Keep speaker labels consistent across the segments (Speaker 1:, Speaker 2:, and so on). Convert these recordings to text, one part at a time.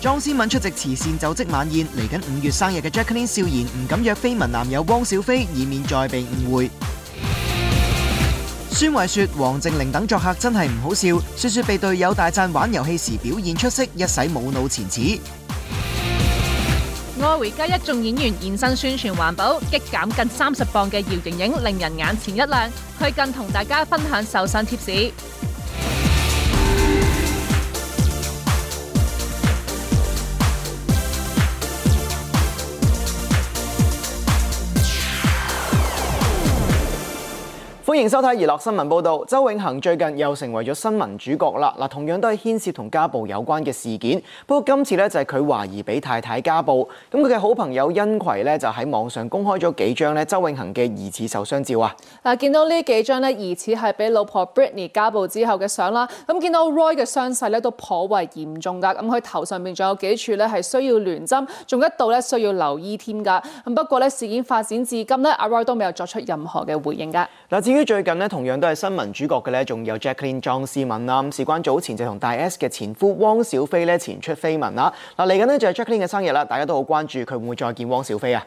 Speaker 1: 莊思敏出席慈善就職晚宴，嚟緊五月生日嘅 JACKLIN 笑言唔敢約緋聞男友汪小菲，以免再被誤會。孫偉 雪王靜玲等作客真係唔好笑，雪雪被隊友大讚玩遊戲時表現出色，一洗冇腦前恥。
Speaker 2: 《愛回家》一眾演員現身宣傳環保，激減近三十磅嘅姚瑩瑩令人眼前一亮，佢更同大家分享瘦身貼士。
Speaker 1: 歡迎收睇娛樂新聞報道。周永恒最近又成為咗新聞主角啦。嗱，同樣都係牽涉同家暴有關嘅事件。不過今次咧就係佢懷疑俾太太家暴。咁佢嘅好朋友恩葵咧就喺網上公開咗幾張咧周永恒嘅疑似受傷照啊。
Speaker 2: 嗱，見到呢幾張咧疑似係俾老婆 Britney 家暴之後嘅相啦。咁見到 Roy 嘅傷勢咧都頗為嚴重噶。咁佢頭上面仲有幾處咧係需要聯針，仲一度咧需要留醫添噶。咁不過咧事件發展至今咧，Roy 都未有作出任何嘅回應噶。
Speaker 1: 嗱，至於最近咧，同樣都係新聞主角嘅咧，仲有 Jacqueline 莊思敏啦。事關早前就同大 S 嘅前夫汪小菲咧前出緋聞啦。嗱，嚟緊咧就係 Jacqueline 嘅生日啦，大家都好關注佢會唔會再見汪小菲啊。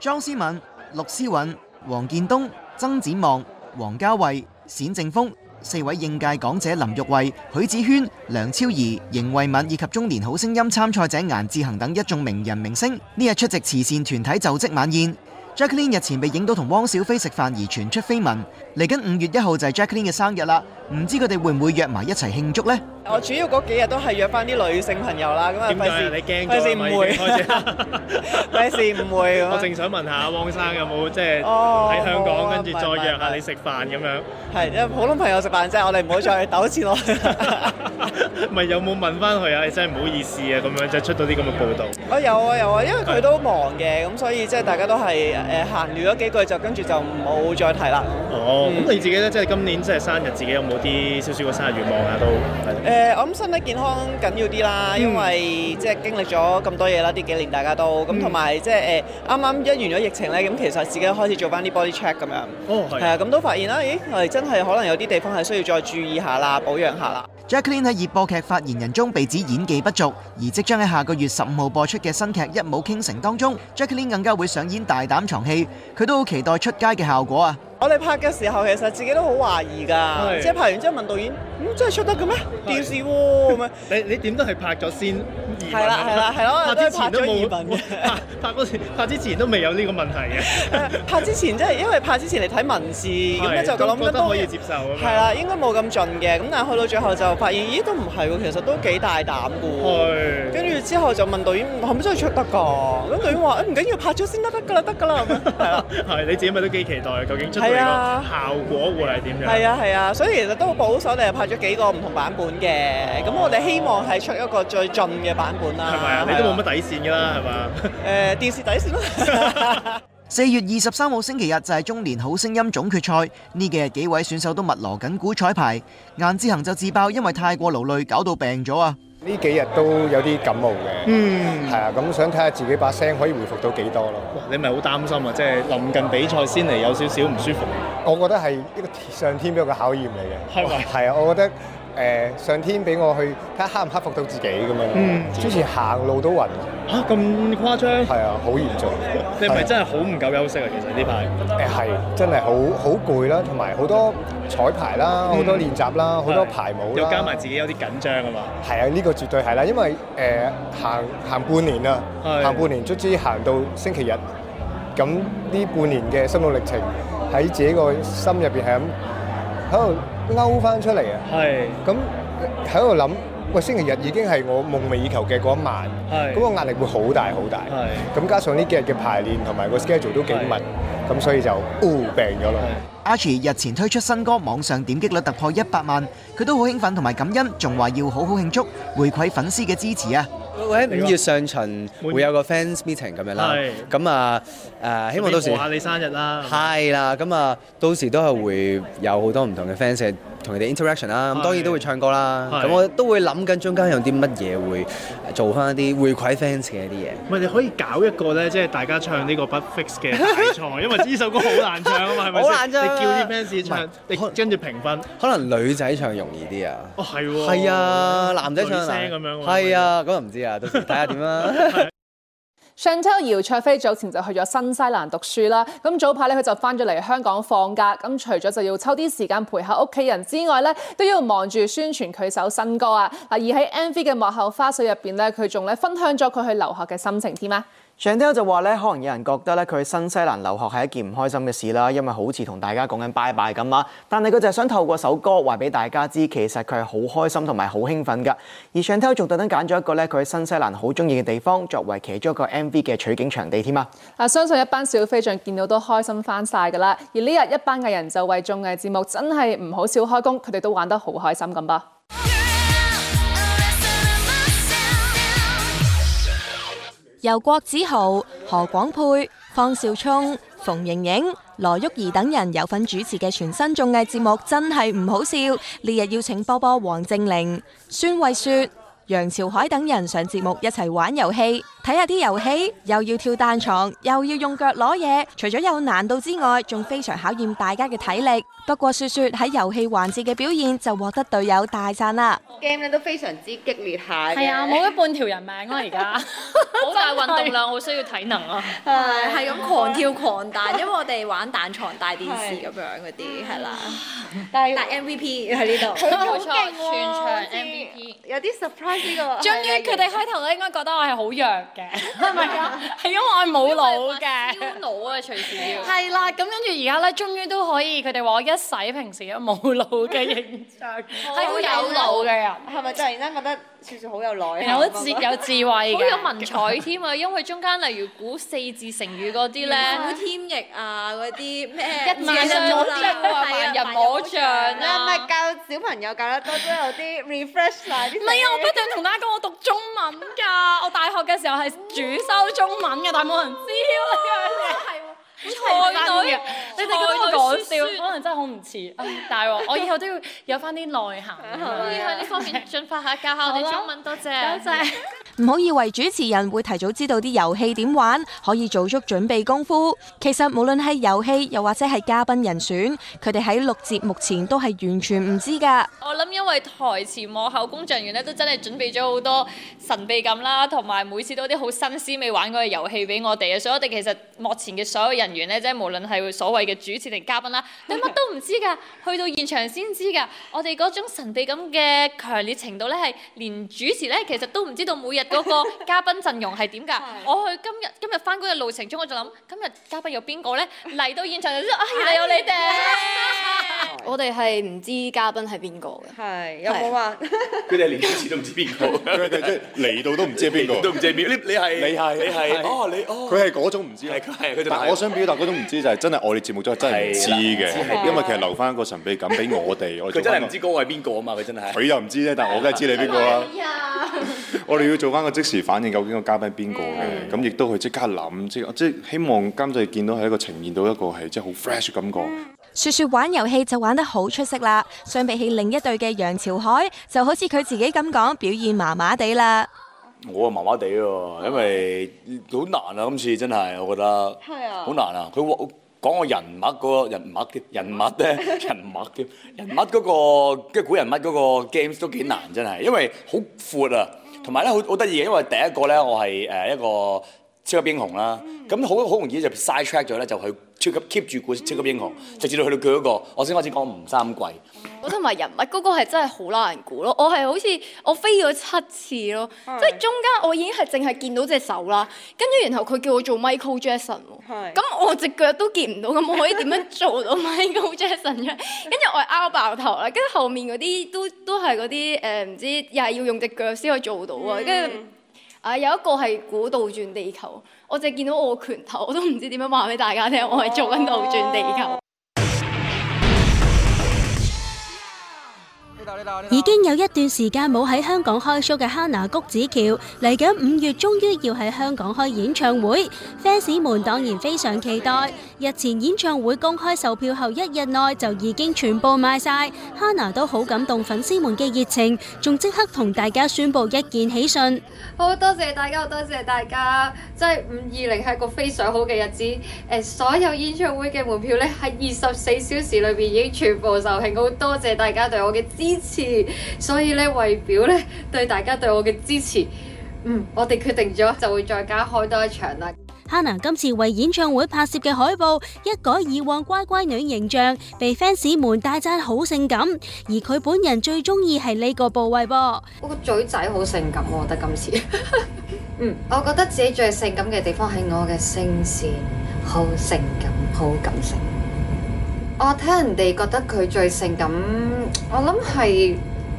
Speaker 1: 莊思敏、陸思韻、黃建東、曾展望、黃家衞、冼正峰。四位應屆港姐林玉慧、許子軒、梁超儀、邢慧敏以及中年好聲音參賽者顏志恒等一眾名人明星呢日出席慈善團體就職晚宴。Jacqueline 日前被影到同汪小菲食飯而傳出緋聞，嚟緊五月一號就係 Jacqueline 嘅生日啦。唔知佢哋會唔會約埋一齊慶祝咧？
Speaker 3: 我主要嗰幾日都係約翻啲女性朋友啦。咁啊，費事費事唔會，
Speaker 4: 費事唔會。我正想問下汪生有冇即係喺香港，跟住再約下你食飯咁樣。係，因為普
Speaker 3: 通朋友食飯啫，我哋唔好再糾纏落
Speaker 4: 去。咪有冇問翻佢啊？你真係唔好意思啊，咁樣即係出到啲咁嘅報導。
Speaker 3: 啊有啊有啊，因為佢都忙嘅，咁所以即係大家都係誒閒聊咗幾句，就跟住就冇再提啦。
Speaker 4: 哦，咁你自己咧，即係今年即係生日，自己有冇？啲少少個
Speaker 3: 生日願望啊，都誒，我諗身體健康緊要啲啦，因為即係經歷咗咁多嘢啦，呢幾年大家都咁，同埋即係誒啱啱一完咗疫情咧，咁其實自己開始做翻啲 body check 咁樣，哦，係，啊、呃，咁都發現啦，咦，我哋真係可能有啲地方係需要再注意一下啦，保養下啦。
Speaker 1: Jacqueline 喺熱播劇《發言人》中被指演技不足，而即將喺下個月十五號播出嘅新劇《一舞傾城》當中，Jacqueline 更加會上演大膽藏戲，佢都好期待出街嘅效果啊！
Speaker 3: 我哋拍嘅時候，其實自己都好懷疑噶，即係拍完之後問導演，咁、嗯、真係出得嘅咩？電視喎咁樣。你你點都係拍咗先，係啦係啦係咯，都係拍咗二品嘅。拍拍拍
Speaker 4: 之前都未有呢個問題嘅。
Speaker 3: 拍之前即係、 呃就是、因為拍之前嚟睇文字咁樣，那就諗都覺得可以接受。係啦，應該冇咁盡嘅，咁但係去到最後就發現，咦都唔係，其實都幾大膽嘅。跟住之後就問導演，係咪 真係出得噶？跟住導演話，唔緊要，拍咗先得得噶啦，得噶啦係
Speaker 4: 啦，係 是的 你自己咪都幾期待，究竟 係啊，
Speaker 3: 效果會係點樣？係啊，係啊，所以其實都好保守，你係拍咗幾個唔同版本嘅，咁我哋希望係出一個最盡嘅版本啦。係咪啊？你都冇乜底線噶啦，係嘛？誒，電視底線啦。
Speaker 1: 四月二十三號星期日就係中年好聲音總決賽，呢幾日幾位選手都密鑼緊鼓彩排，顏志恒就自爆因為太過勞累
Speaker 5: 搞到病咗啊！呢幾日都有啲感冒嘅，嗯，係啊，咁想睇下自己把聲可以回復到幾多咯。
Speaker 4: 你咪好擔心啊，即係臨近比賽先嚟有少少唔舒服。
Speaker 5: 我覺得係一個上天俾我個考驗嚟嘅，係啊，我覺得。誒、呃、上天俾我去睇下克唔克服到自己咁樣。之、嗯、前行路都暈。嚇、啊、咁誇張？係啊，好嚴重。你係咪真係好唔夠休息啊？其實呢排誒係真係好好攰啦，同埋好多彩排啦，好、嗯、多練習啦，好、嗯、多排舞又加
Speaker 4: 埋自己有啲緊
Speaker 5: 張啊嘛。係啊，呢、這個絕對係啦，因為、呃、行行半年啦，行半年卒之行到星期日，咁呢半年嘅心路歷程喺自己個心入面係咁。喺度勾翻出嚟啊！咁喺度諗，喂，星期日已經係我夢寐以求嘅嗰一晚，咁個壓力會好大好大。咁加上呢幾日嘅排練同埋個 schedule 都幾密，咁所以就哦，病咗啦。
Speaker 1: 阿 J 日前推出新歌，網上點擊率突破一百萬，佢都好興奮同埋感恩，仲話要好好慶祝回饋粉絲嘅支持啊！
Speaker 6: 喂，五月上旬會有個 fans meeting 咁樣啦，咁啊誒、啊、希望到時，祝下你生日啦係啦，咁啊到時都係會有好多唔同嘅 fans 同佢哋 interaction 啦，咁當然都會唱歌啦，咁我都會諗緊中間有啲乜嘢會做翻一啲回饋 fans 嘅一啲嘢。喂，你可以搞一
Speaker 4: 個咧，即係大家唱呢個 But Fix 嘅題材， 因為呢首歌好難唱啊嘛，係咪好難唱是是！你叫啲 fans 唱，
Speaker 5: 你跟住評分。可能女仔唱容易啲啊？哦，
Speaker 4: 係啊，男仔唱聲咁樣係啊，
Speaker 5: 咁唔、啊、知。到時
Speaker 4: 睇下點啦。
Speaker 2: Chantel 姚卓菲早前就去咗新西蘭讀書啦，咁早排咧佢就翻咗嚟香港放假，咁除咗就要抽啲時間陪下屋企人之外咧，都要忙住宣傳佢首新歌啊。嗱，而喺 MV 嘅幕後花絮入邊咧，佢仲咧分享咗佢去留學嘅心情添啊。
Speaker 1: Chantel 就話咧，可能有人覺得咧佢喺新西蘭留學係一件唔開心嘅事啦，因為好似同大家講緊拜拜咁啊。但係佢就係想透過首歌話俾大家知，其實佢係好開心同埋好興奮噶。而 Chantel 仲特登揀咗一個咧佢喺新西蘭好中意嘅地方作為其中一個 MV 嘅取景場地添啊。
Speaker 2: 啊，相信一班小飛象見到都開心翻晒噶啦。而呢日一班藝人就為綜藝節目真係唔好少開工，佢哋都玩得好開心咁吧。
Speaker 7: 由郭子豪、何廣沛、方少聰、馮盈盈、羅毓儀等人有份主持嘅全新綜藝節目真係唔好笑，呢日要請波波、王正玲、孫慧雪、楊潮凱等人上節目一齊玩遊戲。睇下啲遊戲，又要跳彈床，又要用腳攞嘢，除咗有難度之外，仲非常考驗大家嘅體力。不過說說喺遊戲環節嘅表現，就獲得隊友大讚啦。
Speaker 8: game 都
Speaker 9: 非
Speaker 7: 常之激烈下嘅，係啊，冇咗半條人命咯而家。好 大運動量，好需要體能啊。係 咁狂跳狂彈， 因為我哋玩彈床、大電視咁樣嗰啲，係啦。 但係但 MVP 喺呢度，冇錯，全場
Speaker 10: MVP，
Speaker 9: 有啲 surprise 呢個。終於佢哋開頭咧應該覺得我係好弱。
Speaker 11: 係 咪啊？係 因為我係冇腦嘅，冇腦啊！隨時要係啦，咁跟住而家咧，終於都可以佢哋話我一洗平時有冇腦嘅形
Speaker 7: 象，係 好,好嘅係有腦嘅人，係咪？突然間覺得。處處好有耐，有智有智慧，好 有文采添啊！ 因為中間例如估四字成語嗰啲咧，估添翼啊嗰啲咩， 一萬人摸象啊，萬人摸 象啊，咪 教小朋友教得多都有啲 refresh 啦
Speaker 11: 唔係啊！我不斷同大家講我讀中文㗎， 我大學嘅時候係主修中文嘅， 但係冇人知㗎。
Speaker 5: 係喎。
Speaker 11: 菜袋，你哋咁樣講笑，可能真係好唔似。但係我以後都要有返啲內涵。希望呢方面進發下，教下我哋中文。多謝，多謝，
Speaker 7: 唔好以為主持人會提早知道啲遊戲點玩，可以做足準備功夫。其實無論係遊戲，又或者係嘉賓人選，佢哋喺錄節目前都係完全唔知㗎。我諗因為台前幕後工作人員咧，都真係準備咗好多神秘感啦，同埋每次都啲好新鮮未玩過嘅遊戲俾我哋啊，所以我哋其實幕前嘅所有人。完咧，即係無論係所謂嘅主持定嘉賓啦，你乜都唔知㗎，去到現場先知㗎。我哋嗰種神秘咁嘅強烈程度咧，係連主持咧其實都唔知道每日嗰個嘉賓陣容係點㗎。 我去今日今日翻工嘅路程中，我就諗今日嘉賓有邊個咧？嚟到現場就知啊，原、哎、來有你哋。 我哋係唔知
Speaker 10: 嘉賓係邊個嘅。係 有冇問。
Speaker 12: 佢哋係連主持都唔知邊個，即係嚟到都唔知係邊個。嚟到都唔知你係你係，哦你哦。佢係嗰種唔知。係佢係但我
Speaker 4: 想。但嗰種唔知就係真係我哋節目組真係唔知嘅，因為其實留翻個神秘感俾我哋。佢真係唔知嗰個係邊個啊嘛！佢真係佢又唔知咧，但係我梗係知你邊個啦。我哋要做翻個即時反應，究竟個嘉賓邊個？咁亦都去即刻諗，即即希望監製見到係一個呈現到一個係即係好 fresh 嘅感覺。
Speaker 7: 雪雪玩遊戲就玩得好出色啦，相比起另一對嘅楊潮海，就好似佢自己咁講，表現麻麻地啦。
Speaker 12: 我啊麻麻地喎，因為好、哦、難啊！今次真係，我覺得好、啊、難啊！佢講個人物嗰、嗰個人物嘅人物咧，人物嘅人物嗰個即係古人物嗰、嗰個 games 都幾難真係，因為好闊啊，同埋咧好好得意嘅，因為第一個咧我係誒一個超級英雄啦，咁好好容易就 side track 咗咧，就去超級 keep 住估超級英雄，嗯、直至到去到佢嗰個，我先開始講吳三桂、哦
Speaker 9: 哦。我同埋人物嗰個係真係好難估咯，我係好似我飛咗七次咯，即係、就是、中間我已經係淨係見到隻手啦，跟住然後佢叫我做 Michael Jackson，咁我隻腳都見唔到，咁我可以點樣做到 Michael Jackson 咧？ 跟住我拗爆頭啦，跟住後面嗰啲都都係嗰啲誒，唔知又係要用隻腳先可以做到啊？跟、嗯、住。啊，有一個係古倒轉地球，我只見到我的拳頭，我都唔知點樣話俾大家聽，我係做緊倒轉地球。
Speaker 13: 已經有一段時間冇喺香港開 show 嘅 HANA 菊梓喬嚟緊五月，終於要喺香港開演唱會，fans 們當然非常期待。日前演唱會公開售票後，一日內就已經全部賣晒，HANA 都好感動粉絲們嘅熱情，仲即刻同大家宣布一件喜訊。好多謝大家，多謝大家，即係五二
Speaker 10: 零係個非常好嘅日子。誒，所有演唱會嘅門票咧，喺二十四小時裏邊已經全部售罄。我多謝大家對我嘅支。次，所以咧，為表咧，
Speaker 13: 對大家對我嘅支持，嗯，我哋決定咗就會再加開多一場啦。Hana 今次為演唱會拍攝嘅海報，一改以往乖乖女形象，被 fans 們大讚好性感，而佢本人最中意係呢個部位噃。我個嘴仔好性感，我覺得今次。嗯， 我覺得自己最性感嘅地方係
Speaker 8: 我嘅聲線，好性感，好感性。
Speaker 9: 我聽人哋覺得佢最性感，我諗係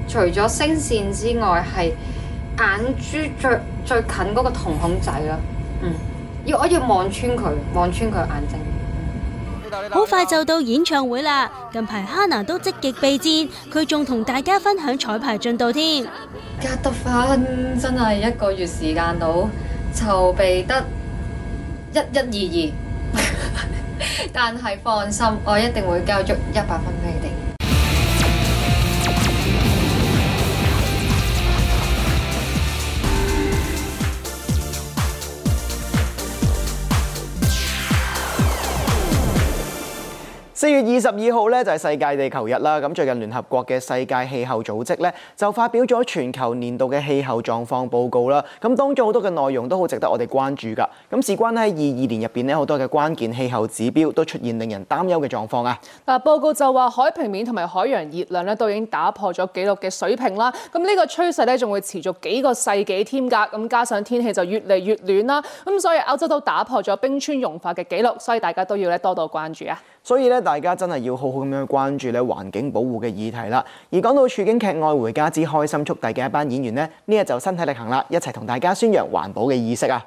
Speaker 9: 除咗聲線之外，係眼珠最最近嗰個瞳孔仔咯。嗯，要我要望穿佢，望穿佢眼睛。
Speaker 13: 好快就到演唱會啦！近排 Hana 都積極備戰，佢仲同大家分享彩排進度添。隔得返真係一個月時間到，籌備得
Speaker 10: 一一二二。 但係放心，我一定會交足一百分俾你。
Speaker 1: 四月二十二號咧就係世界地球日啦。咁最近聯合國嘅世界氣候組織咧就發表咗全球年度嘅氣候狀況報告啦。咁當中好多嘅內容都好值得我哋關注噶。咁事關喺二二年入邊咧好多嘅關鍵氣候指標都出現令人擔憂嘅狀況啊。
Speaker 2: 嗱，報告就話海平面同埋海洋熱量咧都已經打破咗紀錄嘅水平啦。咁呢個趨勢咧仲會持續幾個世紀添㗎。咁加上天氣就越嚟越暖啦。咁所以歐洲都打破咗冰川融化嘅紀錄，所以大家都要咧多多關注啊。
Speaker 1: 所以咧，大家真係要好好咁樣去關注咧環境保護嘅議題啦。而講到處境劇《愛回家之開心速遞》嘅一班演員呢，呢日就身體力行啦，一齊同大家宣揚環保嘅意識啊！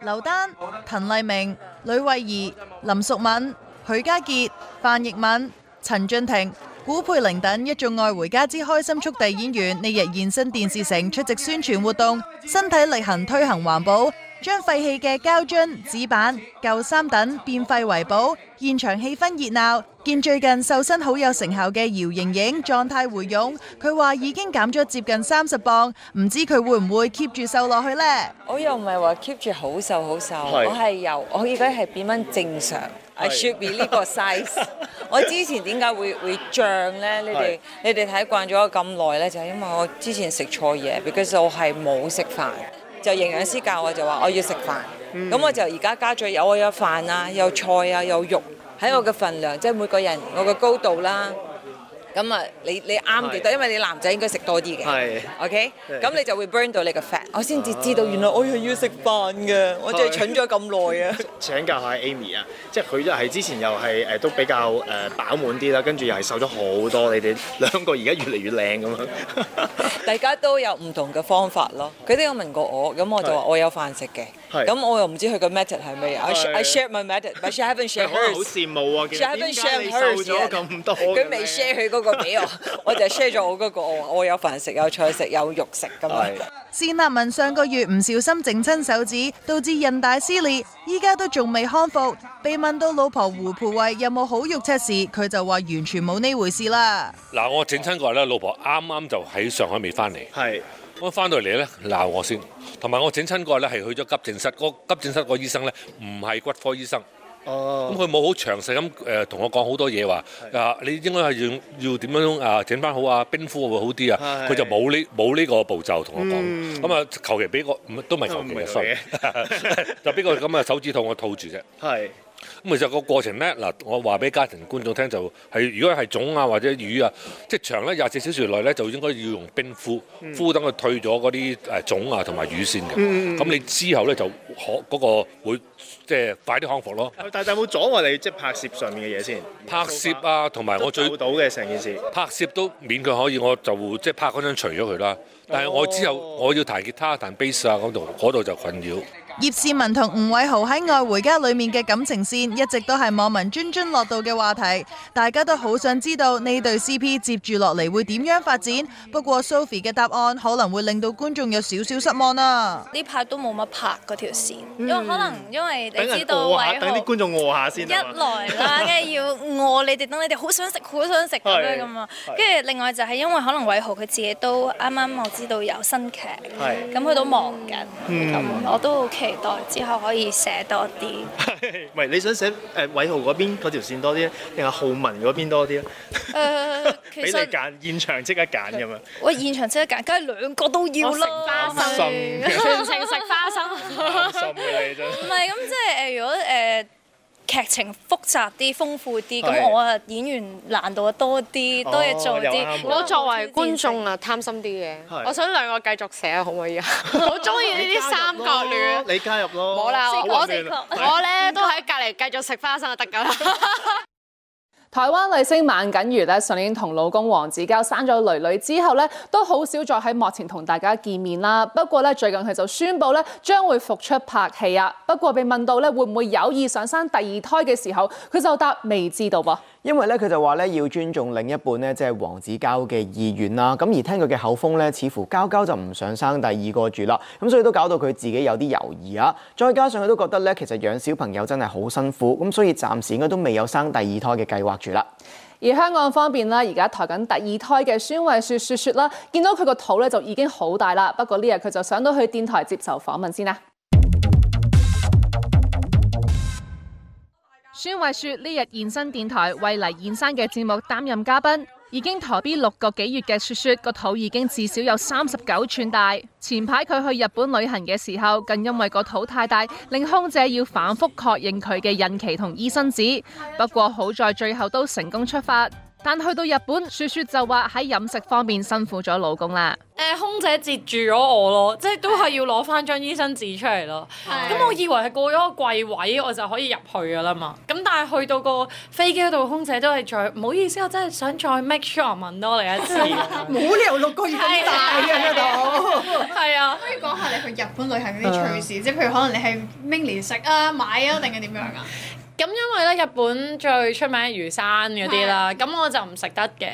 Speaker 14: 劉丹、滕麗明、呂慧儀、林淑敏、許家傑、範奕敏、陳俊廷、古佩玲等一眾《愛回家之開心速遞》演員呢日現身電視城出席宣傳活動，身體力行推行環保。將廢棄嘅膠樽、紙板、舊衫等變廢為寶，現場氣氛熱鬧。見最近瘦身好有成效嘅姚盈盈狀態回勇，佢話已經減咗接近三十磅，唔知佢會唔會 keep 住瘦落去呢？
Speaker 9: 我又唔係話 keep 住好瘦好瘦，是我係由我而家係變
Speaker 15: 翻正常，I should
Speaker 9: be 呢個 size。 我之前點解會會脹呢？你哋你哋睇慣咗咁耐呢？就係、是、因為我之前食錯嘢，because 我係冇食飯。就營養師教我，我就話我要食飯。咁、嗯、我就而家加咗有我有飯啊，有菜啊，有肉喺我嘅份量，即、嗯、係、就是、每個人我嘅高度啦。咁啊，你你啱幾多？因為你男仔應該食多啲嘅。係。OK，咁你就會 burn 到你個 fat。我先至知道原來我要食飯嘅，我真係蠢咗咁耐啊！
Speaker 3: 請教下
Speaker 4: Amy 啊，即係佢一係之前又係誒都比較誒飽滿啲啦，跟住又係瘦咗好多。你哋兩個而家越嚟越靚咁樣。
Speaker 9: 大家都有唔同嘅方法咯。佢都有問過我，咁我就話我有飯食嘅。係。咁我又唔知佢個 method 係咩。I share my method，but she haven't share hers。好羨慕啊！點解你瘦咗咁多？佢 未他沒 share 佢、 嗰個。個 俾我，我就 share 咗我嗰個。我有飯食，有菜食，有肉
Speaker 14: 食咁樣。單 立文上個月唔小心整親手指，導致韌帶撕裂，依家都仲未康復。被問到老婆胡蓓蔚有冇好肉赤事，佢就話完全冇呢回事啦。
Speaker 16: 嗱，我整親過咧，老婆啱啱就喺上海未翻嚟。係，咁翻到嚟咧鬧我先。同埋我整親過咧，係去咗急症室。個急症室個醫生咧唔係骨科醫生。哦，咁佢冇好詳細咁誒，同我講好多嘢，話啊，你應該係要要點樣啊整返好啊，冰敷會好啲啊。佢就冇呢冇呢個步驟同
Speaker 3: 我講，咁
Speaker 16: 啊求其俾個，都唔係求其嘅衰， 就俾個咁嘅手指套我套住啫。咁其實個過程咧，嗱，我話俾家庭觀眾聽就係、是，如果係腫啊或者瘀啊，即係長咧廿四小時內咧，就應該要用冰敷，嗯、敷等佢退咗嗰啲誒腫啊同埋瘀先嘅。咁、嗯、你之後咧就可嗰、那個會即係快啲康復咯。但係有冇阻礙你即係拍攝上面嘅嘢先？拍攝啊，同埋我最到嘅成件事。拍攝都勉強可以，我就即係拍嗰張除咗佢啦。但係我之後、哦、我要彈吉他、彈 bass 啊嗰度，嗰度就，就困擾。
Speaker 14: 葉倩文同吳偉豪喺《愛回家》裏面嘅感情線一直都係網民津津樂道嘅話題，大家都好想知道呢對 C P 接住落嚟會點樣發展。不過 Sophie 嘅答案可能會令到觀眾有少少失望啦，
Speaker 10: 啊。呢排都冇乜拍嗰條線，因，嗯、為可能因為你知道偉豪等啲
Speaker 4: 觀眾餓下先，一來
Speaker 10: 啦，跟住要餓你哋，等你哋好想食、好想食咁樣咁啊。跟住另外就係因為可能偉豪佢自己都啱啱我知道有新劇，咁佢都忙緊，嗯、我都。期待之後可以寫多啲。係，
Speaker 4: 唔係你想寫誒偉、呃、豪嗰邊嗰條線多啲咧，定係浩文嗰邊多啲咧？誒、 呃，俾其 你揀，現場即刻揀咁嘛。
Speaker 10: 喂、呃，現場即刻揀，梗係兩個都要啦。食花生，全城
Speaker 15: 食花生，噉 你真的。唔係咁，即係誒，如果誒。呃劇情複雜啲，豐富啲，咁我啊演員難度啊多啲、哦，多嘢做啲。我作為觀眾啊，貪心啲嘅。我想兩個繼續寫，可唔可以啊？
Speaker 9: 好中意呢啲三角戀，你加入咯。冇啦，我咧都喺隔籬繼續食花生就得㗎啦。
Speaker 2: 台灣女星孟耿如上年同老公黃子佼生咗女囡之後都好少再喺幕前同大家見面啦。不過最近佢就宣布咧將會復出拍戲啊。不過被問到咧會唔會有意想生第二胎嘅時候，佢就答未知道噃。
Speaker 1: 因為咧，佢就話咧要尊重另一半咧，即係黃子佼嘅意願啦。咁而聽佢嘅口風咧，似乎交交就唔想生第二個住啦。咁所以都搞到佢自己有啲猶豫啊。再加上佢都覺得咧，其實養小朋友真係好辛苦。咁所以暫時應該都未有生第二胎嘅計劃住啦。
Speaker 2: 而香港方面咧，而家抬緊第二胎嘅孫慧雪雪雪啦，見到佢個肚咧就已經好大啦。不過呢日佢就上到去電台接受訪問先啦。孫慧雪呢日現身電台為黎燕珊嘅節目擔任嘉賓，已經駝 B 六個幾月嘅雪雪個肚已經至少有三十九寸大。前排佢去日本旅行嘅時候，更因為個肚太大，令空姐要反覆確認佢嘅孕期同醫生紙。不過好在最後都成功出發。但去到日本，雪雪就話喺飲食方面辛苦咗老公啦。
Speaker 11: 誒、呃，空姐截住咗我咯，即係都係要攞翻張醫生紙出嚟咯。咁我以為係過咗個櫃位，我就可以入去噶啦嘛。咁但係去到個飛機嗰度，空姐都係再，唔好意思，我真係想再 make sure 問多你一次，冇 理由六個月咁大喺度。係 啊， 可以講下你去日本旅行嗰啲趣事，uh. 即係譬如可能你係 mainly 食啊、買啊，定係點樣啊？咁因為咧日本最出名魚生嗰啲啦，咁我就唔食得嘅。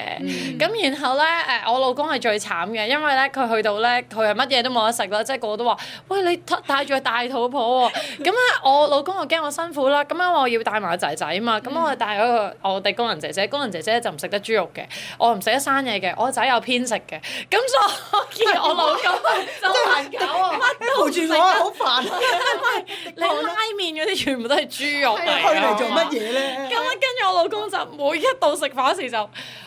Speaker 11: 咁、嗯、然後咧誒，我老公係最慘嘅，因為咧佢去到咧佢係乜嘢都冇得食啦，即係個個都話：喂你帶住個大肚婆喎，哦。咁 咧我老公又驚我辛苦啦，咁樣我要帶埋個仔仔啊嘛。咁、嗯、我就帶咗個我哋工人姐姐，工人姐姐就唔食得豬肉嘅，我唔食得生嘢嘅，我仔又偏食嘅。咁所以我老公就
Speaker 2: 難搞啊，黐住我，好煩啊！係，
Speaker 11: 連拉麵嗰啲全部都係豬肉嚟。 嚟 做乜嘢咧？咁跟住我老公就每一到食飯時就，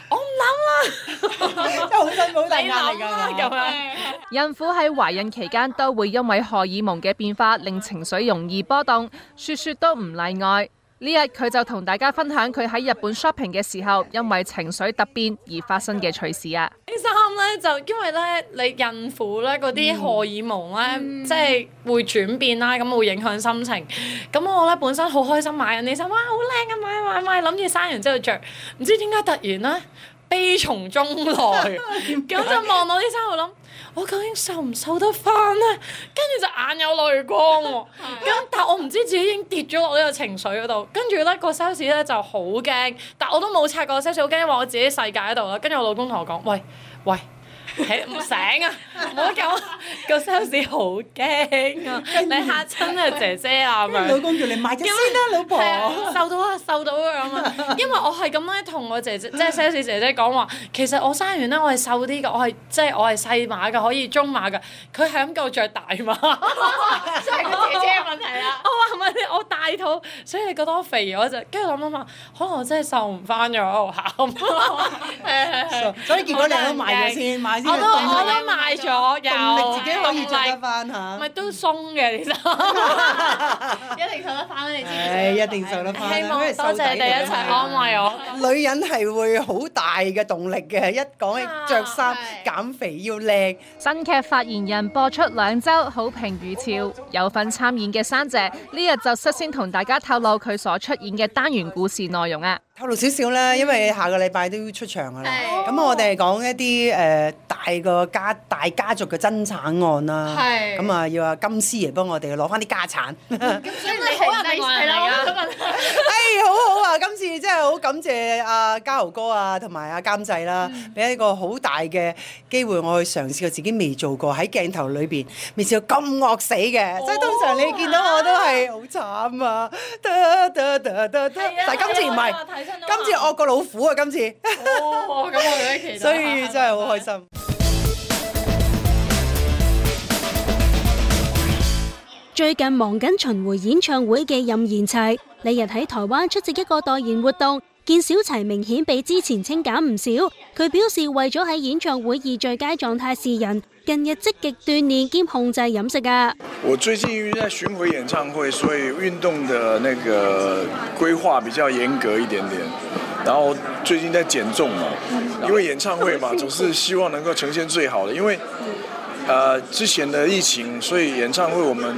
Speaker 11: 我唔諗啦，
Speaker 14: 都 好 真冇底諗㗎咁啊樣！
Speaker 2: 孕婦喺懷孕期間都會因為荷爾蒙嘅變化令情緒容易波動，雪雪都唔例外。呢日佢就同大家分享佢喺日本 shopping 嘅時候，因為情緒突變而發生嘅趣事啊！
Speaker 11: 呢三咧就因為咧你孕婦咧嗰啲荷爾蒙咧、嗯，即係會轉變啦，咁會影響心情。咁我咧本身好開心買啊，你想哇好靚啊，買買買，諗住生完之後着，唔知點解突然咧。悲從中來，咁 就望到啲衫，我諗我究竟瘦唔瘦得翻咧？跟住就眼有淚光喎、啊，咁 但我唔知自己已經跌咗落呢個情緒嗰度。跟住咧個 sales 咧 就好驚，但我都冇察覺 sales 好驚，話、那個、 我自己世界喺度啦。跟住我老公同我講：喂，喂。唔 醒啊！唔 那 好啊。個 sales 好驚啊！你嚇親啊，姐姐啊嘛！老公叫你買咗先啦、啊，老婆，瘦到啊，瘦到啊咁啊！ 因為我係咁咧同我姐姐，即係 sales 姐姐講話，其實我生完咧我係瘦啲嘅，我係即係我係細碼嘅，可以中碼嘅。佢係咁叫我著大碼，
Speaker 17: 即係佢姐姐嘅問題啊。
Speaker 11: 我話唔係，我大肚，所以你覺得我肥咗，就跟住諗諗下，可能我真係瘦唔翻咗喺度喊。
Speaker 14: 所以結果你都買咗先買。我都我都買咗，又咪、啊啊、都
Speaker 11: 鬆嘅，其實 一定受得翻 你知
Speaker 14: 唔、哎、一定受得翻希望、哎啊、多謝你一齊安慰我。女人係會好大嘅動力嘅，一講起着衫減肥要靚、啊。新劇發言人播出兩
Speaker 2: 週，好評如潮。有份參演嘅三姐，呢日就率先同大家透露佢所出演嘅單元故事內容啊！
Speaker 14: 透露少少啦，因為下個禮拜都出場噶啦。咁、嗯、我哋講一啲誒、呃、大個家大家族嘅爭產案啦。咁啊要話金師爺幫我哋攞返啲家產。咁
Speaker 13: 即係你係啦，我問下。
Speaker 14: 好好啊！今次真係好感謝阿嘉豪哥啊，同埋阿監製啦，俾一個好大嘅機會我去嘗試過自己未做過喺鏡頭裏邊，未試過咁惡死嘅。即係通常你見到我都係好慘啊！但係今次唔係，今次惡過老虎啊！今次。所以真係好開心。
Speaker 13: 最近忙緊巡迴演唱會嘅任賢齊。嚟日喺台灣出席一個代言活動，見小齊明顯比之前清減唔少。佢表示為咗喺演唱會以最佳狀態示人，近日積極鍛鍊兼控制飲食嘅、啊。
Speaker 12: 我最近因為在巡迴演唱會，所以運動的那個規劃比較嚴格一點點。然後最近在減重嘛，因為演唱會嘛，總、就是希望能夠呈現最好的。因為、呃，之前的疫情，所以演唱會我們。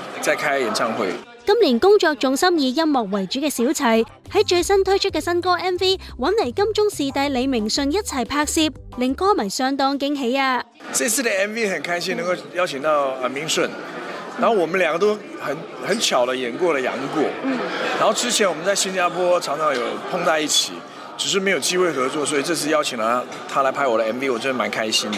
Speaker 12: 在開演唱會。
Speaker 13: 今年工作重心以音樂為主嘅小齊，喺最新推出嘅新歌 M V 揾嚟金鐘視帝李銘順一齊拍攝，令歌迷相當驚喜啊！
Speaker 12: 這次嘅 M V 很開心能夠邀請到阿銘順，然後我們兩個都很很巧的演過了楊過，嗯，然後之前我們在新加坡常常有碰在一起，只是沒有機會合作，所以這次邀請到他來拍我的 M V，我真的蠻開心嘅。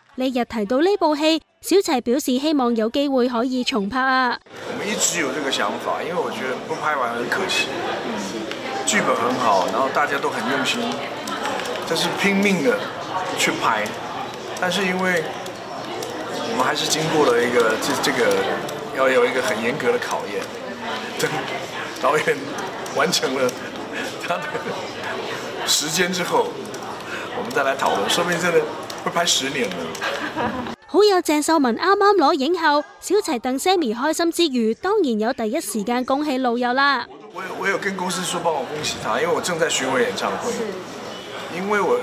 Speaker 13: 每日提到呢部戲，小齊表示希望有機會可以重拍啊！
Speaker 12: 我們一直有這個想法，因為我覺得不拍完很可惜。嗯，劇本很好，然後大家都很用心，就是拼命的去拍。但是因為我們還是經過了一個這這個、這個、要有一個很嚴格的考驗，等導演完成了他的時間之後，我們再來討論，說不定真的。佢拍十年啦！
Speaker 13: 好友鄭秀文啱啱攞影后，小齊鄧 Sammy 開心之餘，當然有第一時間恭喜老友啦。
Speaker 12: 我有我有跟公司說幫我恭喜他，因為我正在巡迴演唱會。因為我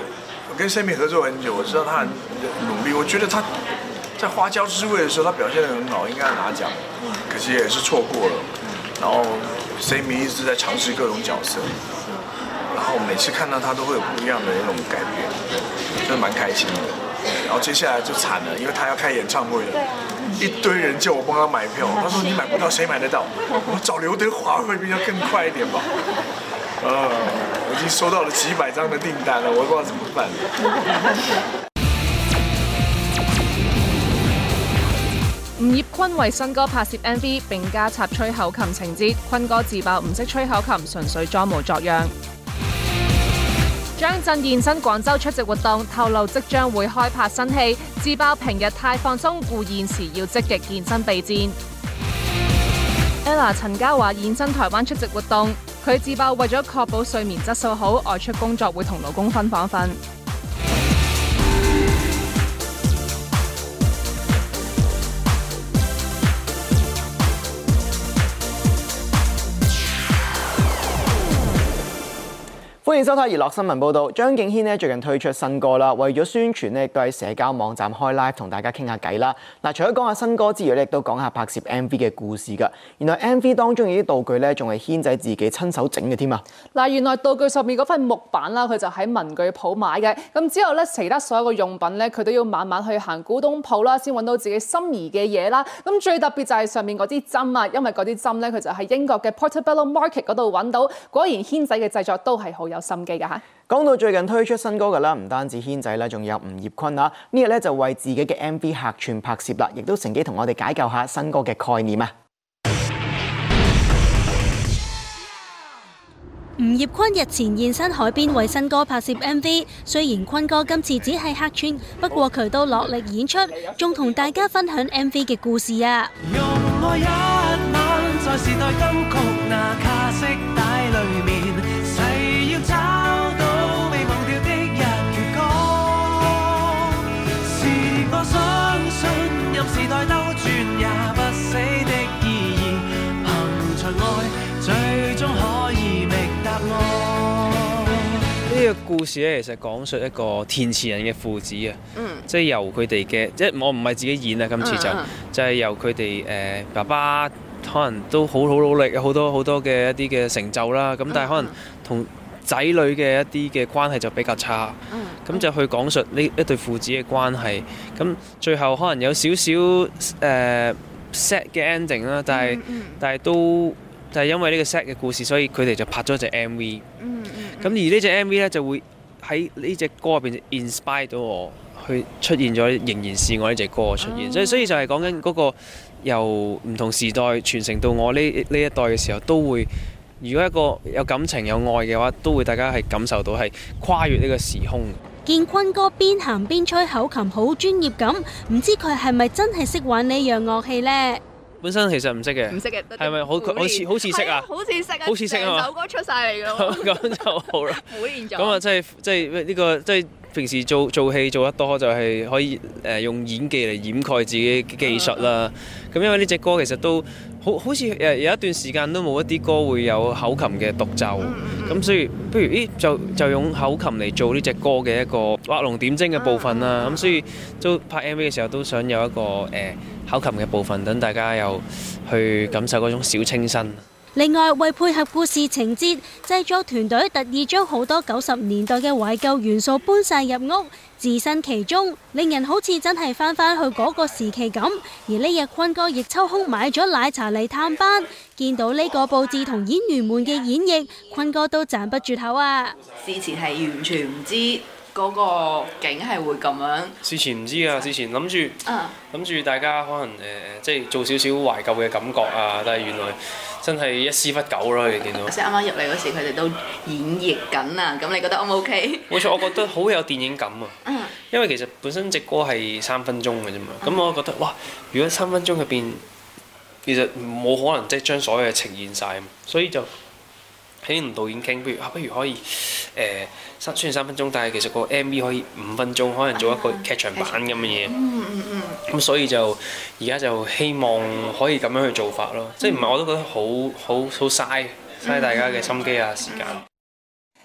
Speaker 12: 我跟 Sammy 合作很久，我知道他很努力，我覺得他在花椒之味的時候，他表現得很好，應該拿獎，可惜也是錯過了。嗯、然後 Sammy 一直在嘗試各種角色，嗯，然後每次看到他都會有不一樣的一種改變。真的蠻開心的，然後接下來就慘了，因為他要開演唱會了，一堆人叫我幫他買票，他說你買不到，誰買得到？我找劉德華會比較更快一點吧。啊，我已經收到了幾百張的訂單了，我都不知道怎麼辦。
Speaker 2: 吳 業坤為新歌拍攝 MV，並加插吹口琴情節，坤哥自爆唔識吹口琴，純粹裝模作樣。張震現身廣州出席活動，透露即將會開拍新戲，自爆平日太放鬆，故現時要積極健身備戰。Ella 陳嘉華現身台灣出席活動，佢自爆為咗確保睡眠質素好，外出工作會同老公分房瞓。
Speaker 1: 歡迎收睇《娛樂新聞報道》。張敬軒咧最近推出新歌啦，為咗宣傳咧，亦都喺社交網站開 live 同大家傾下偈啦。嗱，除咗講下新歌之餘咧，亦都講下拍攝 MV 嘅故事噶。原來 MV 當中嘅啲道具咧，仲係軒仔自己親手整嘅添啊！
Speaker 2: 嗱，原來道具上面嗰塊木板啦，佢就喺文具鋪買嘅。咁之後咧，其他所有嘅用品咧，佢都要慢慢去行古董鋪啦，先揾到自己心儀嘅嘢啦。咁最特別就係上面嗰啲針啊，因為嗰啲針咧，佢就喺英國嘅 Portobello Market 嗰度揾到。果然軒仔嘅製作都係好有～心
Speaker 1: 講到最近推出新歌噶啦，唔單止軒仔啦，仲有吳業坤啊，呢日咧就為自己嘅 MV 客串拍攝啦，亦都乘機同我哋解構下新歌嘅概念啊！
Speaker 13: 吳業坤日前現身海邊為新歌拍攝 MV，雖然坤哥今次只係客串，不過佢都落力演出，仲同大家分享 MV 嘅故事啊！
Speaker 6: 用我一這個故事咧，其實講述一個填詞人嘅父子啊，即、嗯、係、就是、由佢哋嘅，即、就、係、是、我唔係自己演啊。今次就、嗯嗯、就係、是、由佢哋誒，爸爸可能都好好努力，有好多好多嘅一啲嘅成就啦。咁但係可能同仔女嘅一啲嘅關係就比較差。咁、嗯嗯、就去講述呢一對父子嘅關係。咁最後可能有少少誒 sad 嘅 ending 啦，但係、嗯嗯、但係都。就係因為呢個 set 嘅故事，所以佢哋就拍咗隻 MV。嗯，咁而呢隻 MV 呢就會喺呢隻歌入邊 inspire 到我，去出現咗仍然是我呢隻歌出現。所以所以就係講緊嗰個由唔同時代傳承到我呢呢一代嘅時候，都會如果一個有感情有愛嘅話，都會大家係感受到係跨越呢個時空。
Speaker 13: 見坤哥邊行邊吹口琴，好專業咁，唔知佢係咪真係識玩呢樣樂器呢？
Speaker 6: 本身其實唔識嘅，係咪好好似好似識啊？好似識啊！好像首歌出晒嚟咯，咁、嗯、就好啦。咁啊，即係即係呢個，即、就、係、是、平時做做戲做得多，就係可以誒、呃、用演技嚟掩蓋自己嘅技術啦。咁、啊、因為呢隻歌其實都。好好似誒有一段時間都冇一啲歌會有口琴嘅獨奏，咁所以不如咦，就就用口琴嚟做呢隻歌嘅一個畫龍點睛嘅部分啦。咁所以都拍 MV 嘅時候都想有一個、欸、口琴嘅部分，等大家又去感受嗰種小清新。
Speaker 13: 另外，為配合故事情節，製作團隊特意將好多九十年代嘅懷舊元素搬晒入屋，置身其中，令人好似真係翻翻去嗰個時期咁。而呢日坤哥亦抽空買咗奶茶嚟探班，見到呢個布置同演員們嘅演繹，坤哥都讚不絕口啊！
Speaker 9: 事前係完全唔知。嗰個景係會咁樣。之前唔知
Speaker 6: 啊，之前諗住諗住大家可能誒，即係做少少懷舊嘅感覺啊，但係原來真係一絲不苟咯，你見到。即係
Speaker 9: 啱啱入嚟嗰時，佢哋都演繹緊啊！咁你覺得 O 唔 OK？冇錯，
Speaker 6: 我覺得好有電影感啊！因為其實本身隻歌係三分鐘嘅啫嘛，咁我覺得哇，如果三分鐘入邊，其實冇可能即係將所有嘢呈現曬，所以就喺同導演傾，不如啊不如可以誒。雖然三分鐘，但係其實個 M V 可以五分鐘，可能做一個劇場版咁嘅嘢。
Speaker 17: 咁、
Speaker 6: 嗯嗯嗯、所以就而家就希望可以咁樣去做法咯，嗯、即係唔係我都覺得好好好嘥嘥大家嘅心機啊、時間。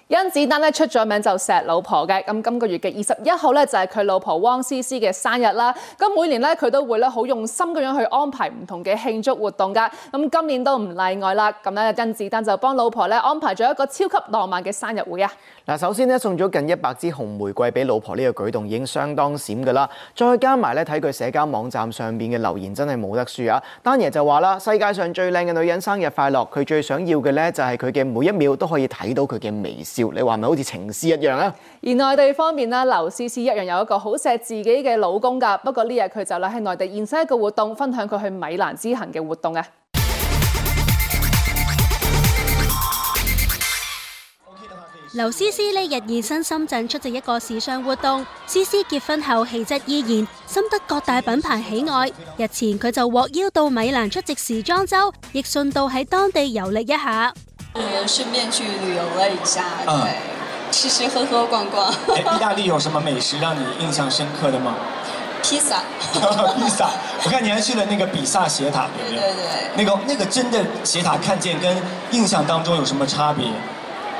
Speaker 6: 甄、嗯
Speaker 2: 嗯嗯、子丹咧出咗名就錫老婆嘅，咁今個月嘅二十一號咧就係佢老婆汪詩詩嘅生日啦。咁每年咧佢都會咧好用心咁樣去安排唔同嘅慶祝活動噶，咁今年都唔例外啦。咁咧甄子丹就幫老婆咧安排咗一個超級浪漫嘅生日會啊！
Speaker 1: 嗱，首先咧送咗近一百支紅玫瑰俾老婆，呢個舉動已經相當閃噶啦。再加埋咧睇佢社交網站上邊嘅留言，真係冇得輸啊！丹爺就話啦：世界上最靚嘅女人生日快樂，佢最想要嘅咧就係佢嘅每一秒都可以睇到佢嘅微笑。你話係咪好似情詩一樣啊？
Speaker 2: 而內地方面啦，劉詩詩一樣有一個好錫自己嘅老公噶。不過呢日佢就咧喺內地現身一個活動，分享佢去米蘭之行嘅活動嘅。
Speaker 13: 劉詩詩呢日現身深圳出席一個時尚活動，詩詩結婚後氣質依然，深得各大品牌喜愛。日前佢就獲邀到米蘭出席時裝周，亦順道喺當地遊歷一下。
Speaker 7: 嗯，順便去旅遊了
Speaker 15: 一下，對，吃、uh, 吃
Speaker 4: 喝喝逛逛。 Hey, 意大利有什麼美食讓你印象深刻的嗎？
Speaker 7: 披薩。
Speaker 4: 披薩，我看你還去了那個比薩斜塔，對對對，那個那個真的斜塔，看見跟印象當中有什麼差別？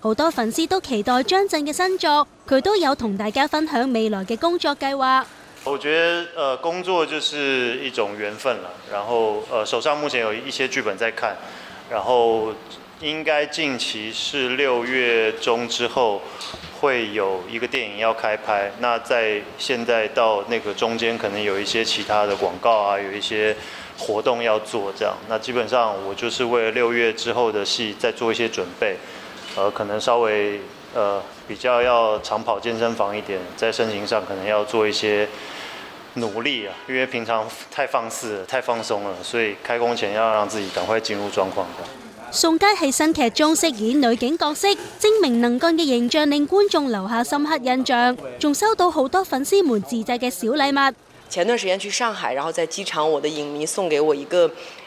Speaker 13: 好多粉絲都期待張震嘅新作，佢都有同大家分享未來嘅工作計劃。我
Speaker 4: 覺得，呃，工作就是一種緣分啦。然後呃，手上目前有一些劇本在看，然後應該近期是六月中之後會有一個電影要開拍。那在現在到那個中間，可能有一些其他的廣告啊，有一些活動要做，這樣，那基本上我就是為了六月之後的戲再做一些準備。呃，可能稍微呃比較要長跑健身房一點，在身形上可能要做一些努力啊，因為平常太放肆、太放鬆了，所以開工前要讓自己趕快進入狀況。
Speaker 13: 宋佳喺新劇中飾演女警角色，精明能幹嘅形象令觀眾留下深刻印象，仲收到好多粉絲們自製嘅小禮物。
Speaker 7: 前段時間去上海，然後在機場，我的影迷送給我一個。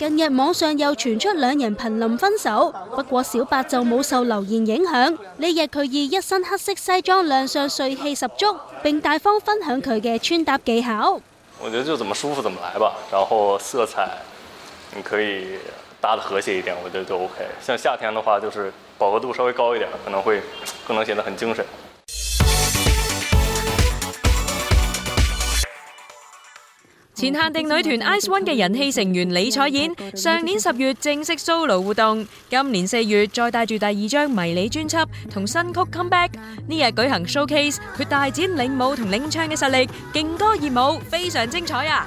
Speaker 13: 近日網上又傳出兩人瀕臨分手，不過小白就冇受流言影響。呢日佢以一身黑色西裝亮相，帥氣十足，並大方分享佢嘅穿搭技巧。
Speaker 4: 我覺得就怎麼舒服怎麼來吧，然後色彩你可以搭得和諧一點，我覺得就 OK。像夏天的話，就是飽和度稍微高一點，可能會更能顯得很精
Speaker 8: 神。
Speaker 15: 前限定女團 Ice One 嘅人氣成員李彩演，上年十月正式 Solo 活動，今年四月再帶住第二張迷你專輯同新曲 comeback，呢日舉行 showcase，佢大展領舞同領唱嘅實力，勁歌熱舞，非常精彩啊！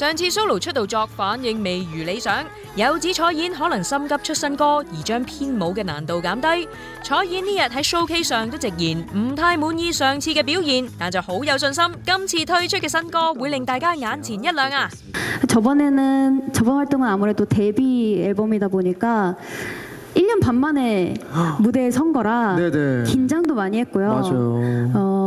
Speaker 15: 上次 Solo 出道作反應未如理想，有指彩演可能心急出新歌而將編舞嘅難度減低。彩演呢日喺 showcase 上都直言唔太滿意上次嘅表現，但就好有信心今次推出嘅新歌會令大家眼前
Speaker 10: 一亮啊！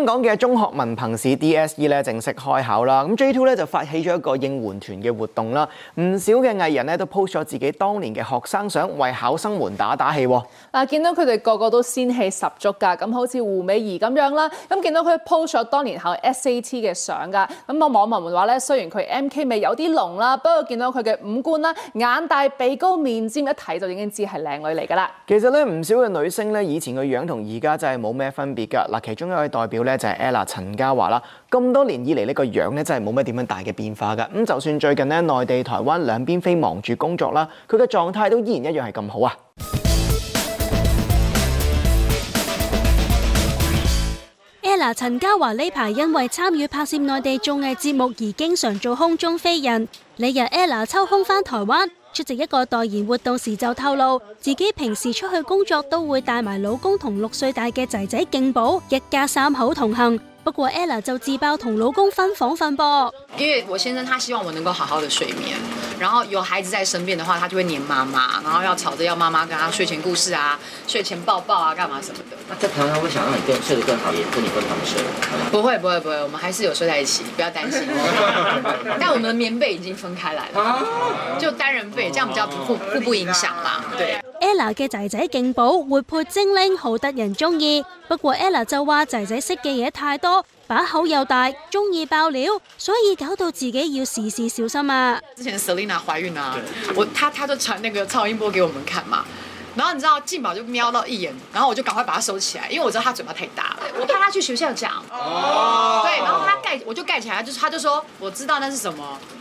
Speaker 1: 香港嘅中學文憑試 DSE 咧正式開考啦，咁 J2 咧就發起咗一個應援團嘅活動啦，唔少嘅藝人咧都 post 咗自己當年嘅學生相，為考生們打打氣。
Speaker 2: 嗱，見到佢哋個個都仙氣十足㗎，咁好似胡美儀咁樣啦，咁見到佢 post 咗當年考 SAT 嘅相㗎，咁啊網民們話咧，雖然佢 MK 味有啲濃啦，不過見到佢嘅五官啦，眼大鼻高面尖，一睇就已經知係靚女嚟㗎啦。
Speaker 1: 其實咧，唔少嘅女星咧，以前嘅樣同而家真係冇咩分別㗎。嗱，其中一位代表咧。就係、是、ella 陳嘉華啦，咁多年以嚟呢個樣咧真係冇乜點樣大嘅變化噶，咁就算最近咧內地台灣兩邊飛忙住工作啦，佢嘅狀態都依然一樣係咁好啊
Speaker 13: ！ella 陳嘉華呢排因為參與拍攝內地綜藝節目而經常做空中飛人，呢日 ella 抽空返台灣。出席一個代言活動時就透露，自己平時出去工作都會帶埋老公同六歲大嘅仔仔勁寶，一家三口同行。不過 Ella 就自爆同老公分房瞓噃。
Speaker 9: 因為我先生他希望我能夠好好的睡眠。然後有孩子在身邊的話，他就會黏媽媽，然後要吵着要媽媽跟他睡前故事啊、睡前抱抱啊、幹嘛什麼的。那這朋友他會想讓你更睡得更好一點，跟你分房睡嗎？不會，不會，不會，我們還是有睡在一起，不要擔心。 但
Speaker 13: 我們棉被已經分開來
Speaker 9: 了， 就單人被，這樣比較不互互 不會影響啦。對
Speaker 13: ，Ella 嘅仔仔勁寶活潑精靈，好得人中意。不過 Ella 就話仔仔識嘅嘢太多。把口又大，鍾意爆料，所以搞到自己要時時小心啊！之前 Selina
Speaker 9: 懷孕啊，我，她，她就傳那個超音波給我們看嘛，然後你知道，勁寶就瞄到一眼，然後我就趕快把它收起來，因為我知道她嘴巴太大了，我怕她去學校講。哦、oh.，對，然後她蓋，我就蓋起來，就，是她就說，我知道那是什麼。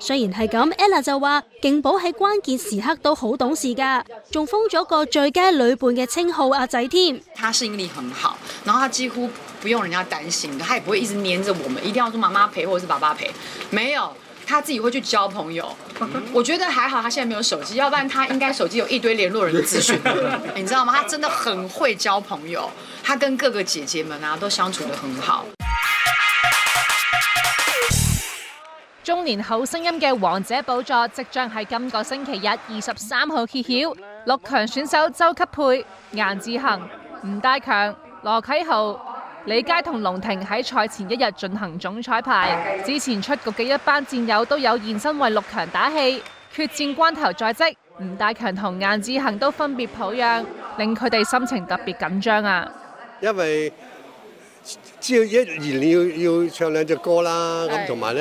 Speaker 13: 雖然係咁，Ella 就話勁寶喺關鍵時刻都好懂事㗎，仲封咗個最佳女伴嘅稱號阿仔添。她，適應力很好，然後她幾乎不用人家擔
Speaker 9: 心，她也不會一直黏着，我們，一定要說媽媽陪，或者是爸爸陪，沒有，她自己會去交朋友。我覺得還好，她現在沒有手機，要不然她應該手機有一堆聯絡人的資訊，你知道嗎？她真的很會交朋友，她跟各個姐姐們啊都相處得很好。中年好聲音嘅王
Speaker 2: 者寶座即將喺今個星期日二十三號揭曉，六強選手周吉佩、顏志恒、吳大強、羅啟豪、李佳同龍庭喺賽前一日進行總綵排，之前出局嘅一班戰友都有現身為六強打氣，決戰關頭在即，吳大強同顏志恒都分別抱恙，令佢哋心情特別緊張啊！
Speaker 12: 因為只要
Speaker 5: 一年要要唱兩隻歌啦，咁同埋呢。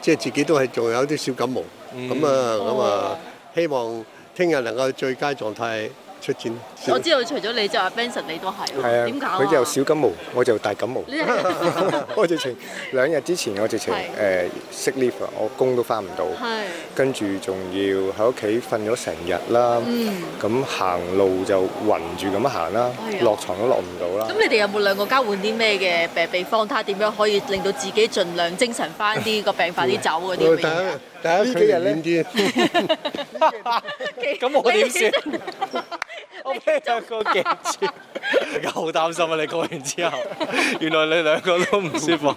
Speaker 5: 即係自己都係仲有啲小感冒，咁、嗯、啊，咁啊，希望聽日能夠最佳狀態。出，出我知道
Speaker 7: 除咗你就阿、是、Benson，你都係，點解啊？有、啊、小
Speaker 5: 感冒，我就大感冒。 我直情兩日之前我直情，誒 sick leave 我工都翻唔到，跟住仲要喺屋企瞓咗成日啦，咁、嗯、行、嗯、路就暈住咁樣行啦，落、嗯、床都落唔到啦。咁、哎、
Speaker 7: 你哋有冇兩個交換啲咩嘅病秘方？睇下點樣可以令到自己盡量精神翻啲， 個病快啲、嗯、走嗰啲
Speaker 12: 第 天 一佢遠啲，
Speaker 3: 咁我點算？我披著次？鏡
Speaker 5: 家好擔心啊！你過完之後，原來你兩個都唔舒服。唔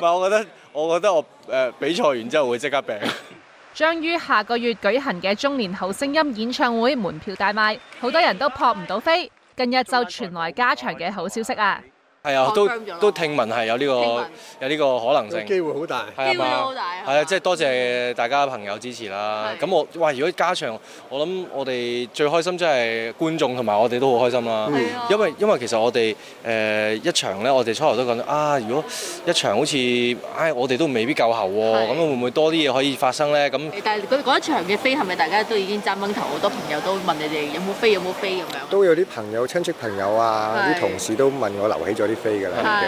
Speaker 5: 係，我覺得我覺得我誒比賽完之後會即刻病。
Speaker 2: 將於下個月舉行嘅中年好聲音演唱會門票大賣，好多人都撲唔到飛。近日就傳來加場嘅好消息啊！
Speaker 5: 係啊，都都聽聞係有呢、這個有呢個可能性，機會好大，機會好大係啊，即係多謝大家朋友支持啦。咁我哇、呃，如果加場，我諗我哋最開心即係觀眾同埋我哋都好開心啦。因為因為其實我哋誒、呃、一場咧，我哋初頭都講啊，如果一場好似唉、哎，我哋都未必夠喉喎，咁會唔會多啲嘢可以發生咧？咁
Speaker 7: 但係嗰一場嘅飛，係咪大家都已經爭崩頭？好多朋友都問你哋有冇飛，有冇飛咁
Speaker 5: 樣？都有啲朋友、親戚、朋友啊，啲同事都問我留起咗啲。飛噶啦，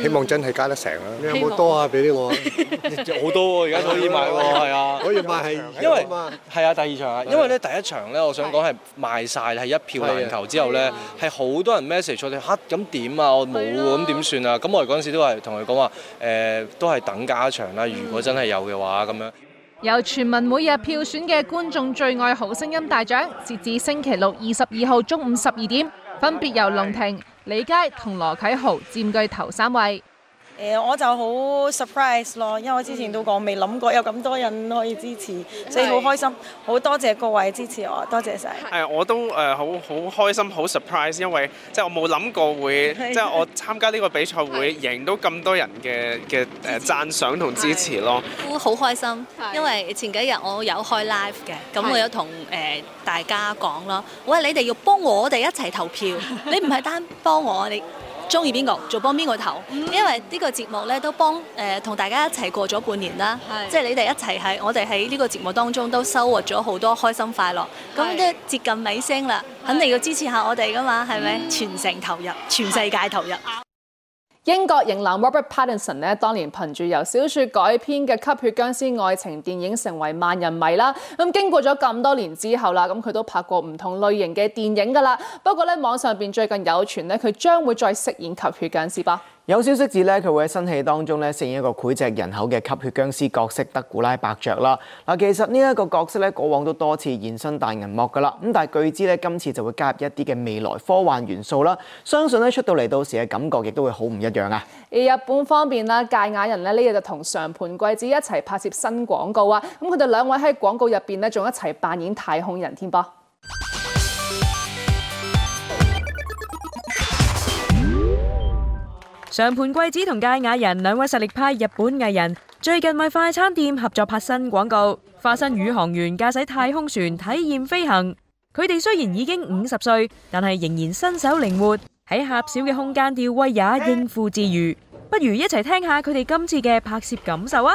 Speaker 5: 希望真係加得成啦！
Speaker 12: 你有冇多啊、這個？俾啲我，
Speaker 5: 好 多喎，而家可以買喎，係啊，可以買係，因為係啊， 第二場啊，因為咧第一場咧，我想講係賣晒，係一票難求之後咧，係好多人 message 我哋，吓咁點啊？我冇喎，咁點算啊？咁我哋嗰陣時都係同佢講話，誒、欸，都係等加場啦。如果真係有嘅話，咁樣
Speaker 2: 由全民每日票選嘅觀眾最愛好聲音大獎，截至星期六二十二號中午十二點，分別由龍庭。李佳同羅啟豪占據頭三位。
Speaker 9: 誒、呃、我就好 surprise 咯，因為我之前都講未諗過有咁多人可以支持，所以好開心，好多謝各位支持我，多謝晒！
Speaker 6: 誒，我都誒好好開心，好 surprise，因為即係我冇諗過會即係我參加呢個比賽會贏到咁多人嘅嘅誒讚賞同支持咯。
Speaker 7: 好開心，因為前幾日我有開 live 嘅，咁我有同誒大家講咯，喂，你哋要幫我哋一齊投票， 你唔係單幫我你。中意邊個就幫邊個投，嗯，因為呢個節目咧都幫誒同大家一齊過咗半年啦，即係，就是、你哋一齊喺我哋喺呢個節目當中都收穫咗好多開心快樂，咁都接近尾聲啦，肯定要支持下我哋噶嘛，係咪，嗯？全城投入，全世界投入。英國型男
Speaker 2: Robert Pattinson 咧，當年憑住由小說改編嘅吸血僵屍愛情電影成為萬人迷啦。咁經過咗咁多年之後啦，咁佢都拍過唔同類型嘅電影噶啦。不過呢網上最近有傳咧，佢將會再飾演吸血僵屍吧。
Speaker 1: 有消息指咧，佢會喺新戲當中咧飾演一個膾炙人口嘅吸血僵屍角色德古拉伯爵啦。嗱，其實呢一個角色咧過往都多次現身大銀幕噶啦，咁但係據知咧今次就會加入一啲嘅未來科幻元素啦。相信咧出到嚟到時嘅感覺亦都會好唔一樣啊。
Speaker 2: 而日本方面啦，堺雅人咧呢日就同常盤貴子一齊拍攝新廣告啊。咁佢哋兩位喺廣告入邊咧仲一齊扮演太空人添噃。
Speaker 15: 常盤貴子同堺雅人兩位實力派日本藝人最近為快餐店合作拍新廣告，化身宇航員駕駛太空船體驗飛行。佢哋雖然已經五十歲，但係仍然身手靈活，喺狹小嘅空間調位也應付自如。不如一齊聽下佢哋今次嘅
Speaker 17: 拍攝感受啊！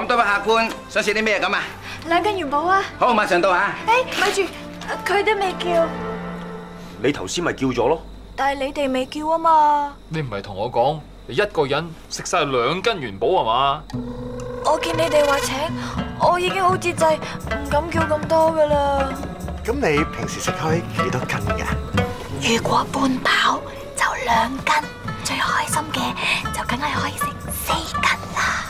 Speaker 12: 咁多位客官想食啲咩咁啊？
Speaker 10: 兩斤元寶啊！
Speaker 12: 好，馬上到啊。
Speaker 10: 誒，咪住，佢都未叫。
Speaker 4: 你頭先咪叫咗咯？
Speaker 10: 但係你哋未叫啊嘛？
Speaker 4: 你唔係同我講，你一個人食晒兩斤元寶啊嘛？
Speaker 10: 我見你哋話請，我已經好節制，唔敢叫咁多噶啦。
Speaker 5: 咁你平時食開幾多斤
Speaker 13: 噶？如果半飽就兩斤，最開心嘅就梗係可以食四斤啦。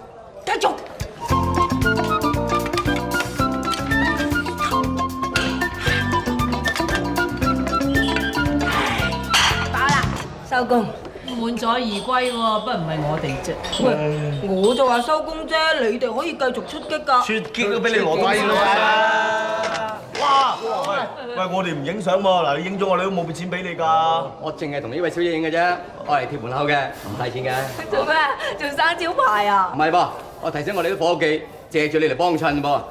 Speaker 13: 繼續，
Speaker 7: 飽啦，收工，滿載而歸喎，不唔係我哋啫，我就話收工啫，你哋可以繼續出擊㗎。出
Speaker 9: 擊都俾你攞到啦，哇！喂
Speaker 5: 喂，我哋唔影相喎，嗱，你影咗我，我都冇俾錢俾你㗎。我淨係同呢位小姐影嘅啫，我係貼門口嘅，唔使錢嘅。
Speaker 7: 做咩？做生招牌啊？
Speaker 5: 唔係噃。我提醒我哋啲夥計，借住你嚟幫襯
Speaker 16: 噃。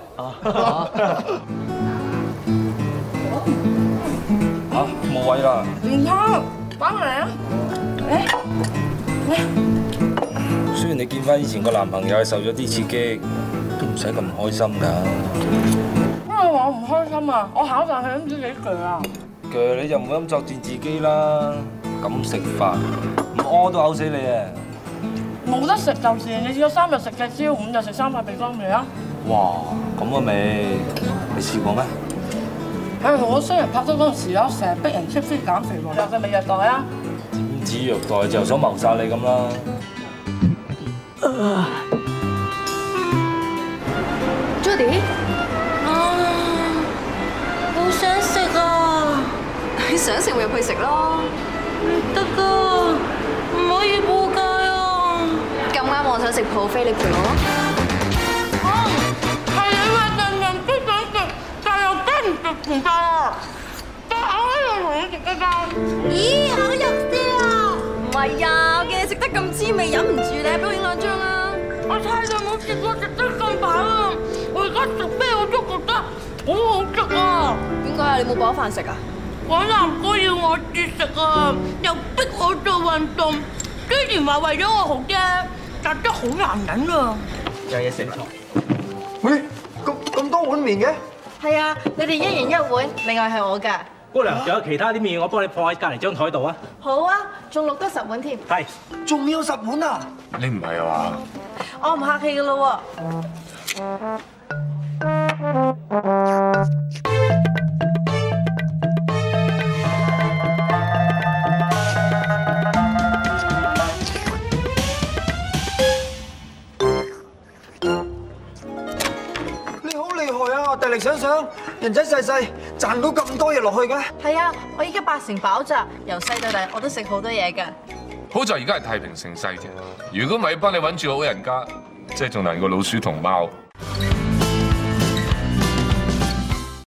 Speaker 16: 嚇，冇位啦。連
Speaker 11: 康，翻嚟啊！嚟嚟。
Speaker 16: 雖然你見翻以前個男朋友係受咗啲刺激，都唔使咁開心㗎。因為我唔開心啊？我考
Speaker 12: 上去都唔知幾
Speaker 16: 攰啊！攰你就唔好咁作戰自己啦。咁食飯，唔屙都咬死你啊！
Speaker 11: 冇得食就算，是，你有三日食隻蕉，五日食三塊鼻糕味啊？
Speaker 16: 哇，咁啊未？未試過咩？
Speaker 11: 唉，我雖然拍拖嗰陣時啊，成日逼人出飛減肥，但係咪虐待啊，點
Speaker 16: 止虐待就想謀殺你咁啦。
Speaker 10: Judy，啊，好、嗯嗯、想食啊！你想食咪入去食咯。好肥你條！係因為人都想食，但又真唔食唔飽。但係我同你食得飯。咦？好入啲啊！唔係啊，我見你食得咁
Speaker 7: 滋味，忍唔住你幫我影兩張啊。
Speaker 10: 我太耐
Speaker 11: 冇食過，我食得咁飽啊！
Speaker 10: 我而家食咩我都覺得好好食啊！
Speaker 7: 點解啊？你冇攞飯食啊？
Speaker 11: 我阿哥要我節食啊，又逼我做運動，雖然話為
Speaker 7: 咗我好啫。大家都好難忍
Speaker 1: 啊！有嘢食埋。
Speaker 11: 喂，
Speaker 4: 咁咁多碗麵嘅？
Speaker 7: 係啊，你哋一人一碗，另外係我噶。
Speaker 4: 姑娘，仲有其他啲麵，我幫你放喺隔籬張台度啊。
Speaker 7: 好啊，仲落多十碗添。係，仲要
Speaker 3: 十
Speaker 11: 碗啊？
Speaker 17: 你唔係啊嘛？
Speaker 11: 我唔客氣噶咯
Speaker 13: 喎。
Speaker 3: 你想想，人仔細細賺到咁多嘢落去㗎。
Speaker 7: 係啊，我依家八成飽咋，由細到大我都食好多嘢噶。
Speaker 16: 好在而家係太平盛世啫，如果唔係幫你搵住好人家，即係仲難過老鼠同貓。